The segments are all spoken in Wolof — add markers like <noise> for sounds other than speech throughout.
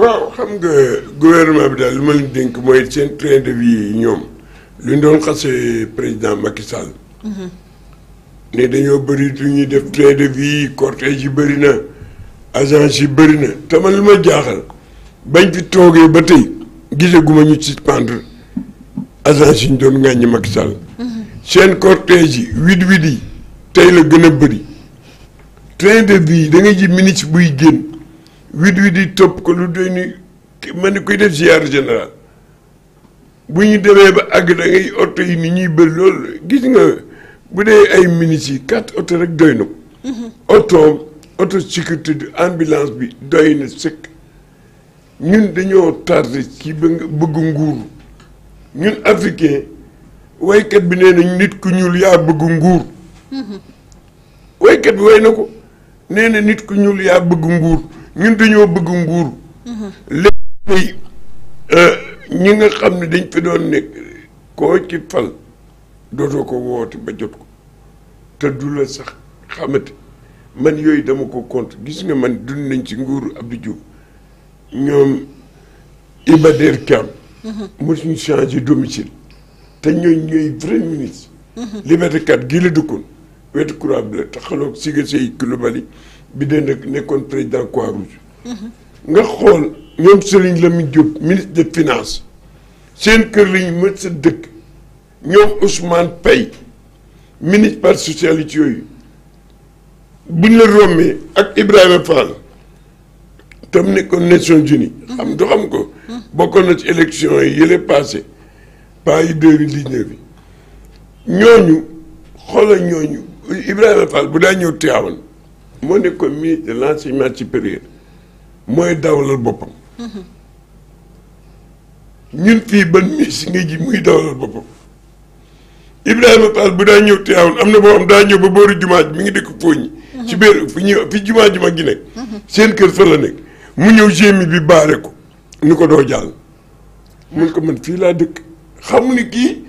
waaw xam nga gouvernement bi daal lu ma leen dénk mooy seen train de vie yi ñoom lu doon xasee président Macky Sall. Mhm. ne dañoo bëri lu ñuy def train de vie yi cortège yi bëri na agence yi bëri na te man lu ma jaaxal bañ fi toogee ba tey gisaguma ñu suspendre agence yi ñu doon ŋàññi Macky Sall. Mhm. seen cortège yi wid wid yi tey la gën a bëri train de vie yi da nga ji ministre buy génn. wit wit yi topp ko lu doy ni man ni koy def ziar général bu ñu demee ba àgg da oto yi ni ñuy bëri loolu gis nga bu dee ay minis yi quatre oto rek doy na ko oto oto sécurité du ambulance bi doy na sëkk ñun dañoo tardé ci bëgg nguur ñun africain waykat bi nee nit ku ñuul yaa bëgg nguur mm-hmm. waykat bi way na ko nee na nit ku ñuul yaa bëgg nguur ñun dañoo bëgg nguur. Mhm. léegi euh, ñi nga xam ne dañ fi doon nekk koo ci fal dootoo ko wooti ba jot ko te du la sax xamante man yooyu dama ko compte gis nga man dund nañ ci nguuru Abdou Diouf ñoom Iba Der Thiam. Mhm. mosuñu changé domicile te ñooñ ñooy vrai ministre. Mhm. Liberté 4 gii la dëkkoon wetu courant bi la te xaloog Siga Seye Coulibaly bi dee nekkoon président Croix-Rouge nga xool ñoom Serigne Lamine Diop ministre des finance seen kër lañu mën sa dëkk ñoom Ousmane Paye ministre par socialité yooyu buñ la rommee ak Ibrahima Fall tam nekkoon Nations Unies xam du xam ko bokkoon na ci élection yi yële passé pas yi deux mille dix bi ñooñu xoolal ñooñu Ibrahima Fall bu daa ñëw Tivaouane moo nekk ko ministre de l' enseignement supérieur mooy dawalal boppam. ñun fii ban ministre nga ji muy dawalal boppam. Ibrahima Tall bu daa ñëw Tivaouane am na boo xam daa ñëw ba booru jumaa mhm. jumaa gi nekk. Mhm. seen kër fa la nekk mu ñëw gémi bi baare ko ni ko doo jàll. mun ko man fii laa dëkk xam ni kii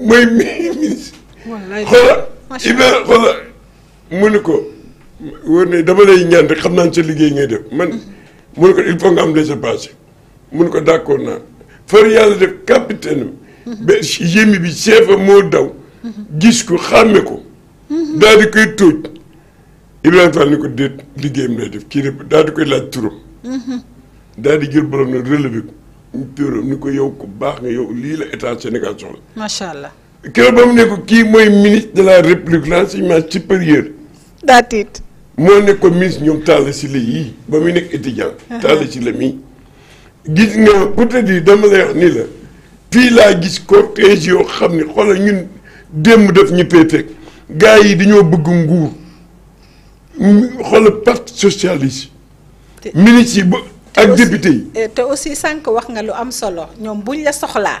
mooy <laughs> ministre. wallaay xoolal Ibrahima xoolal mu ni ko. wóor na dama lay ñaan xam naa sa liggéey nga def man mun ko il faut nga am laissez-passer mun ko d'accord naa far yàlla def capitaine am mhm. ba bi chef am moo daw mhm. gis ko xàmme ko mhm. daal di koy tóoj Ibrahima Fall ni ko déet liggéeyam lay def kii rek daal di koy laaj turam di jël borom na relevé ko ni ko yow ku baax nga yow lii la état Sénégal soxla macha allah keroog ba mu ne ko kii mooy ministre de la république l'enseignement supérieur daa tiit moo nekkoon ministre ñoom Talla Sylla yii ba muy nekk étudiant. Talla Sylla mii gis nga pour te dire dama lay wax nii la fii laa gis cortège yoo xam ne xoolal ñu démb def ñu péeteeg gars yi dañoo bëgg nguur xoolal parti socialiste. minis yi ba ak député yi. te aussi sànq wax nga lu am solo ñoom buñ la soxlaa.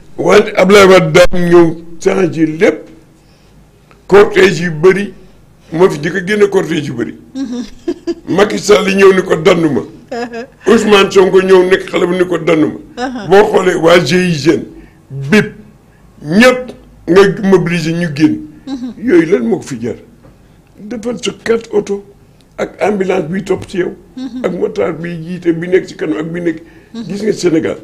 wante Abdoulaye Wade daan ñëw changé lépp cortège yu bëri moo fi jëkk a génne cortège yu bëri. <laughs> Macky Sall ñëw ni ko dandu ma. <laughs> Ousmane Sonko ñëw nekk xale bu ni ko dandu ma. Uh-huh. boo xoolee waa GIGN bépp ñëpp nga mobiliser ñu génn. Uh-huh. yooyu lan moo ko fi jar defal sa carte oto ak ambulance bi topp ci yow. Uh-huh. ak motard biy jiite bi nekk ci kanam ak bi nekk. gis nga Sénégal.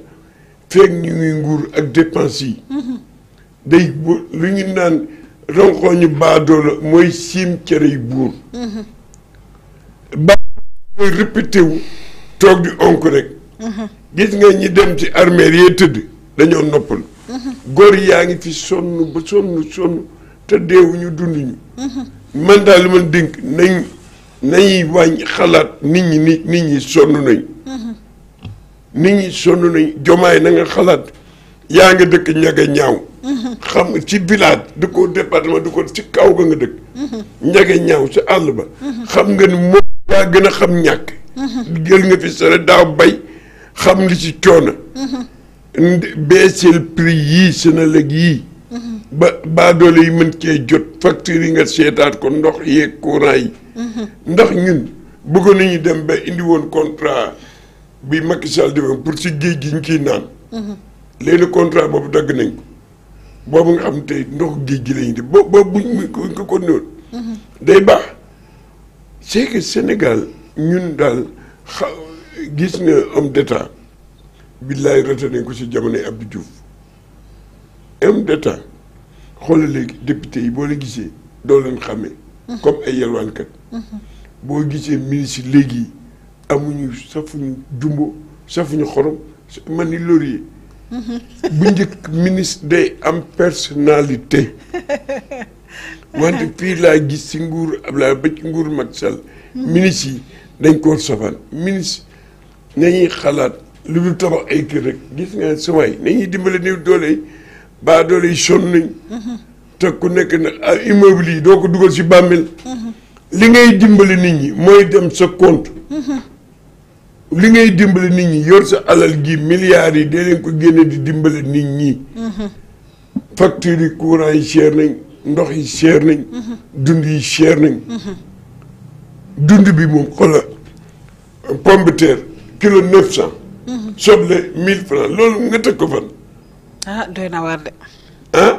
feeg ñu nguur ak dépense yi day lu ñu naan ronkoo ñu baadoo la mooy siim cere yu buur baadoo mooy répété wu toog di onk rek gis nga ñi dem ci armeel yee tëdd dañoo noppal góor yaa ngi fi sonn ba sonn sonn te deewuñu dunduñu man daal li ma dénk nañ nañuy xalaat nit ñi nit ñi sonn nañ nit ñi sonn nañ jomaay na xalaat yaa nga dëkk ñaga ñaaw xam nga ci village du ko département du ko ci kaw ga nga dëkk ñaga ñaaw ci àll ba xam nga ni moom yaa gën a xam ñàkk jël nga fi sare daaw bay xam li ci coono baissel prix yii Senelec yii ba baadoole yi mën cee jot facture yi nga seetaat ko ndox yeeg courant yi ndax ñun bëggoon nañu dem ba indiwoon woon contrat bi Macky Sall defoon pour si géej gi ñu ciy naan. léegi contrat boobu dagg nañ ko boobu nga xam tey ndox géej gi lañu def ba ba buñ ko ko néew. day baax c'est Sénégal ñun daal gis nga homme d'état billaay rata nañ ko si jamonoy Abdou Diouf homme d'état xoolal léegi député yi boo la gisee doo leen xàmmee. Mm-hmm. comme ay yalwaankat. Mm-hmm. boo gisee ministre léegi. amuñu safuñu jumbo safuñu xorom man ni laurier bu njëkk ministre day am personnalité <laughs> wante fii laa gis ci nguur Abdoulaye ba ci nguur Macky Sall hmm. ministre yi dañ koo safaan ministre nañuy xalaat lu dul tabax ay kër rek gis nga samaay nañuy dimbale néew doole yi baa doole yi sonn hmm. te ku nekk nag ah, immeuble yi doo ko dugal ci bàmmeel hmm. li ngay dimbale nit ñi mooy dem sa compte li ngay dimbale nit ñi yor sa alal gi milliards yi dee leen ko génne di dimbale nit ñi. factures yi courant yi cher nañ ndox yi cher nañ. dund yi cher nañ. dund bi moom de terre kilo neuf cent. soble mille francs loolu nga teg ko fan. Ah, ah?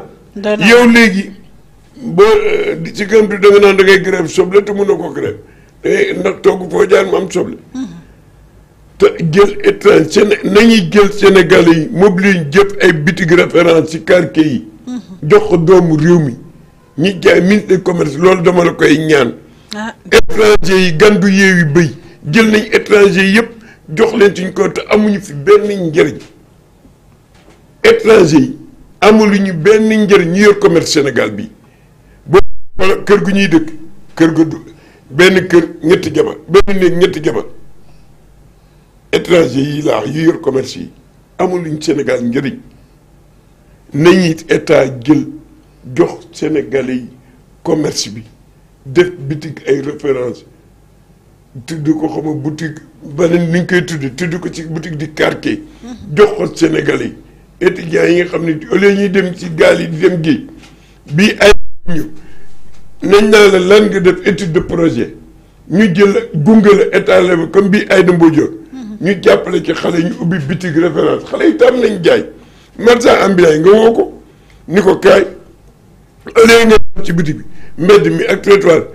yow léegi boo ci kanam da nga naan da ngay grève soble te mënoo ko grève eh, ndax togg foo jaar mu am soble. te jël état seen nañuy jël Sénégal yi mobiliser jëf ay bitig référence ci quartier yi. Mhm. jox ko doomu réew mi ñi jaay ministre commerce loolu dama la koy ñaan. Ah. étranger yi gandu yeewi bëy jël nañ étranger yëpp jox leen suñ ko te amuñu fi benn njëriñ étranger yi ñu benn njëriñ ñu yor commerce Sénégal bi boo kër gu ñuy dëkk kër gu benn kër ñetti jabar benn néeg ñetti jabar. étranger yi laa yu yor commerce yi amuluñ Sénégal njëriñ nañ it état jël jox Sénégalais yi commerce bi def boutique ay référence tudd ko xama boutique beneen ni koy tudd tudd ko ci boutique di quartier mhm. jox ko Sénégalais yi étudiants yi nga xam ni au ñuy dem ci gaal yi di dem géej bii ay ñu nañ naa la projet ñu jël gunge la état la comme ay na ñu jàppale ci xale ñu ubbi bitig référence xale yi tam nañ jaay sa marchand ambulant nga woo ko ni ko kaay léegi nga ci biti bi mbedd mi ak trottoir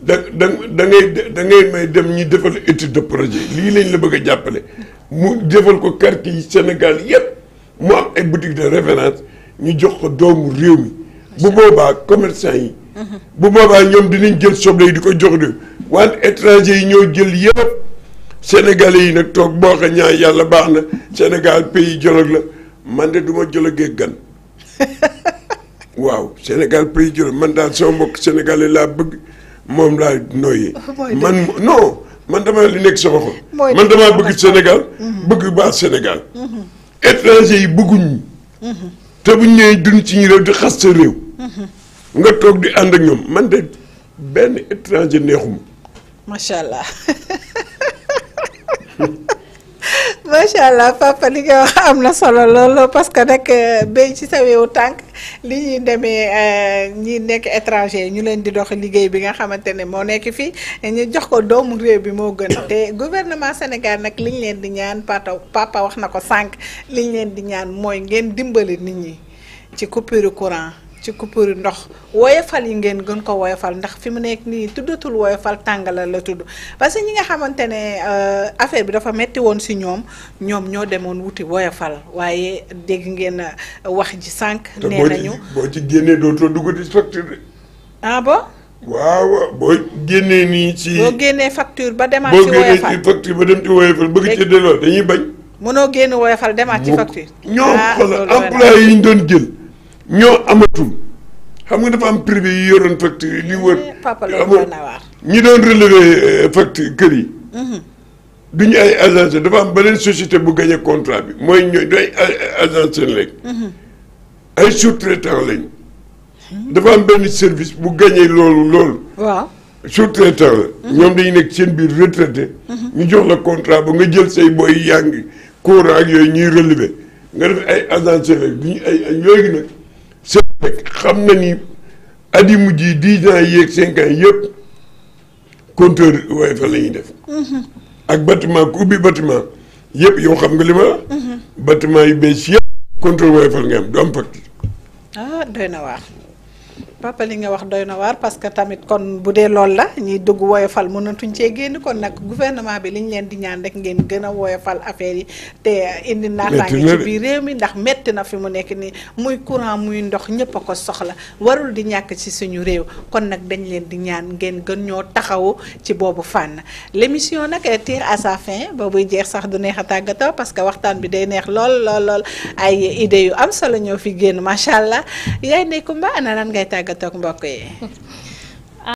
da da da ngay da ngay may dem ñi defal étude de projet lii lañ la bëgg a jàppale mu defal ko quartier yi Sénégal yépp mu am ay boutique de référence ñu jox ko doomu réew mi bu boobaa commerçant yi mhm. bu boobaa ñoom dinañ jël soble yi di ko jox réew wante étranger yi ñoo jël yépp sénégalais yi nag toog boo xa ñaay yàlla baax na sénégal pays jolog la man de du ma jologee gan <laughs> waaw sénégal pays jolog man daal sama mbokk sénégalais laa bëgg moom laa nooyee <laughs> man non man dama li nekk sama xol man damaa bëgg sénégal mhm. bëgg baax sénégal mhm. étranger yi bëgguñ mhm. te bu ñu ci ñu réew di xas sa réew nga toog di ànd ak ñoom man de benn étranger neexuma macha <laughs> <laughs> macha allah papa li nga wax am na solo loolu parce que nag euh, béy ci sa wewu tànk li ñuy demee euh, ñi nekk étranger ñu leen di dox liggéey bi nga xamante ne moo nekk fii ñu jox ko doomu réew bi moo gën te gouvernement Sénégal nag li ñu leen di ñaan papa papa wax na ko sànq li ñu leen di ñaan mooy ngeen dimbali nit ñi ci coupure courant. ci coupure ndox woyofal yi ngeen gën ko woyofal ndax fi mu nekk nii tuddatul woyofal tàngala la tudd parce que ñi nga xamante ne euh, affaire bi dafa metti woon si ñoom ñoom ñoo demoon wuti woyofal waaye dégg ngeen euh, wax ji sànq. nee nañu boo ci génnee dootoo dugg di facture. ah bon. waaw boo génnee nii ci. boo génnee facture ba demaat ci woyofal facture ba dem ci woyofal bëgg ci delloo dañuy bañ. mënoo génn woyofal demaat ci facture. ñoom ah, xoolal employé yi ñu doon jël. ñoo amatul xam nga dafa am privé yi yoroon facture yi li wër. Eh, ñi doon relever eh, facture kër yi. Mhm. du ñu ay agence dafa am beneen société bu gagné contrat bi mooy ñooy du ay agence Senelec mhm. ay sous-traitant lañ. dafa am benn service bu gagné loolu loolu. waaw sous-traitant la. Mhm. ñoom dañu nekk seen biir retraité. ñu jox la contrat ba nga jël say booy yaa ngi courant ak yooyu ñuy relever nga def ay agence Senelec du ñu ay yooyu nag. xam na ni at yi mujj yi dix ans yeeg cinq ans yëpp compteur waaye fa la ñuy def. Mm-hmm. ak bâtiment ku ubbi bâtiment yëpp yow xam nga li ma. Mm-hmm. bâtiment yu bees yëpp compteur waaye fa nga am du am facture. ah doy na waar. papa li nga wax doy na waar parce que tamit kon bu dee lool la ñuy dugg woyofal mënatuñ cee génn kon nag gouvernement bi liñ leen di ñaan rek ngeen gën a woyofal affaire yi te indi naataange ci biir réew mi ndax metti na fi mu nekk nii muy courant muy ndox ñëpp a ko soxla warul di ñàkk ci suñu réew kon nag dañ leen di ñaan ngeen gën ñoo taxawu ci boobu fànn l'émission nag tire à sa fin boobuy jeex sax du neex a tàggatoo parce que waxtaan bi day neex lool lool lool ay idées yu am solo ñoo fi génn macha allah yaay Ndeye ak mbokk <laughs>